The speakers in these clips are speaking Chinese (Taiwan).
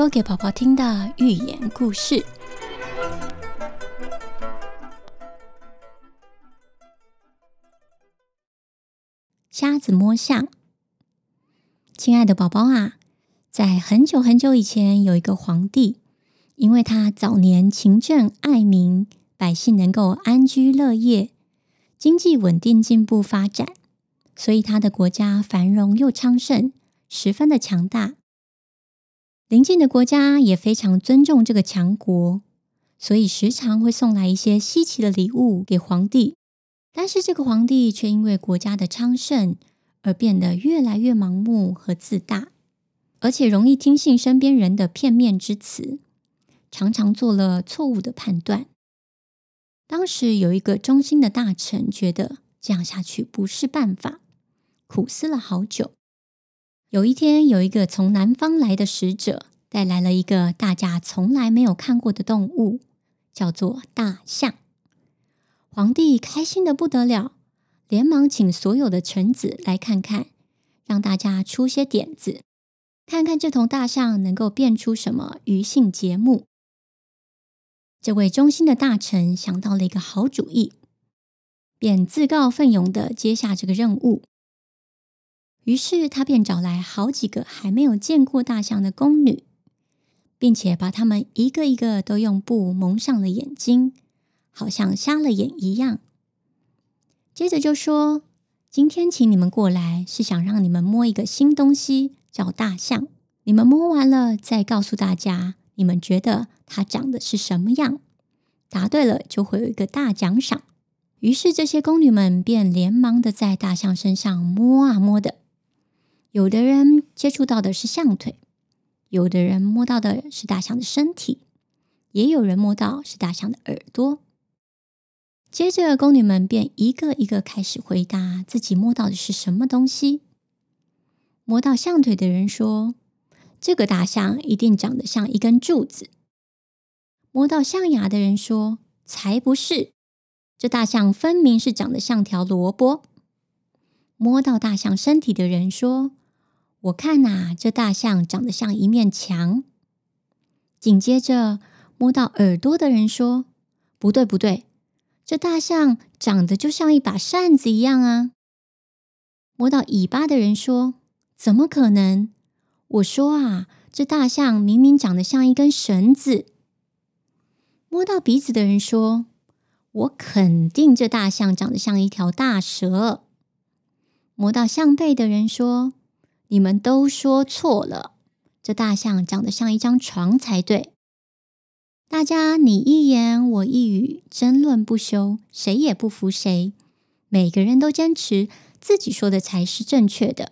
說給寶寶聽的寓言故事：瞎子摸象。親愛的寶寶啊，在很久很久以前，有一個皇帝，因為他早年勤政愛民，百姓能夠安居樂業，經濟穩定進步發展，所以他的國家繁榮又昌盛，十分的強大。鄰近的國家也非常尊重這個強國，所以時常會送來一些稀奇的禮物給皇帝。但是這個皇帝卻因為國家的昌盛而變得越來越盲目和自大，而且容易聽信身邊人的片面之詞，常常做了錯誤的判斷。當時有一個忠心的大臣覺得這樣下去不是辦法，苦思了好久。有一天，有一個從南方來的使者，帶來了一個大家從來沒有看過的動物，叫做大象。皇帝開心得不得了，連忙請所有的臣子來看看，讓大家出些點子，看看這頭大象能夠變出什麼餘興節目。這位忠心的大臣想到了一個好主意，便自告奮勇地接下這個任務。於是他便找來好幾個還沒有見過大象的宮女，並且把她們一個一個都用布蒙上了眼睛，好像瞎了眼一樣。接着就說：“今天請你們過來是想讓你們摸一個新東西，叫大象。你們摸完了再告訴大家，你們覺得它長的得是什麼樣？答對了就會有一個大獎賞。”於是這些宮女們便連忙的在大象身上摸啊摸的。有的人接觸到的是象腿，有的人摸到的是大象的身體，也有人摸到是大象的耳朵。接着，宮女們便一個一個開始回答自己摸到的是什麼東西。摸到象腿的人說：“這個大象一定長得像一根柱子。”摸到象牙的人說：“才不是，這大象分明是長得像條蘿蔔。”摸到大象身體的人說，我看吶、啊，這大象長得像一面牆。緊接着摸到耳朵的人說：“不對，不對，這大象長得就像一把扇子一樣啊。”摸到尾巴的人說：“怎麼可能？”我說啊，這大象明明長得像一根繩子。摸到鼻子的人說：“我肯定這大象長得像一條大蛇。”摸到象背的人說。你們都說錯了，這大象長得像一張床才對。大家你一言我一語，爭論不休，誰也不服誰。每個人都堅持自己說的才是正確的。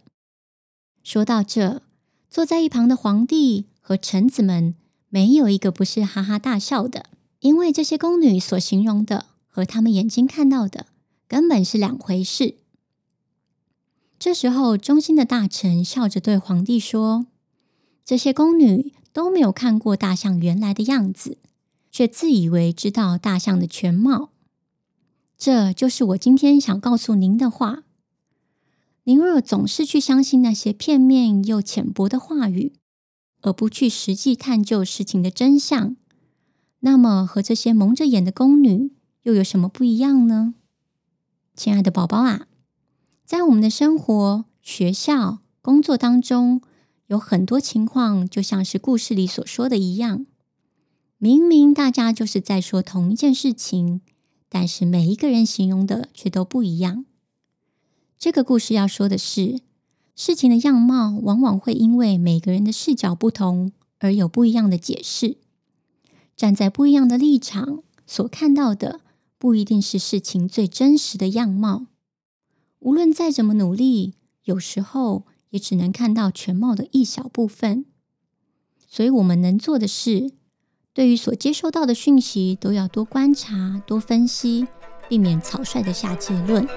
說到這，坐在一旁的皇帝和臣子們，沒有一個不是哈哈大笑的，因為這些宮女所形容的和他們眼睛看到的根本是兩回事。這時候，忠心的大臣笑着對皇帝說：“這些宮女都沒有看過大象原來的樣子，卻自以為知道大象的全貌。這就是我今天想告訴您的話。您若總是去相信那些片面又淺薄的話語，而不去實際探究事情的真相，那麼和這些蒙着眼的宮女又有什麼不一樣呢？親愛的寶寶啊！”在我們的生活、學校、工作當中，有很多情況，就像是故事裡所說的一樣，明明大家就是在說同一件事情，但是每一個人形容的卻都不一樣。這個故事要說的是，事情的樣貌往往會因為每個人的視角不同而有不一樣的解釋。站在不一樣的立場，所看到的不一定是事情最真實的樣貌。無論再怎麼努力，有時候也只能看到全貌的一小部分。所以，我們能做的是，對於所接收到的訊息，都要多觀察、多分析，避免草率地下結論。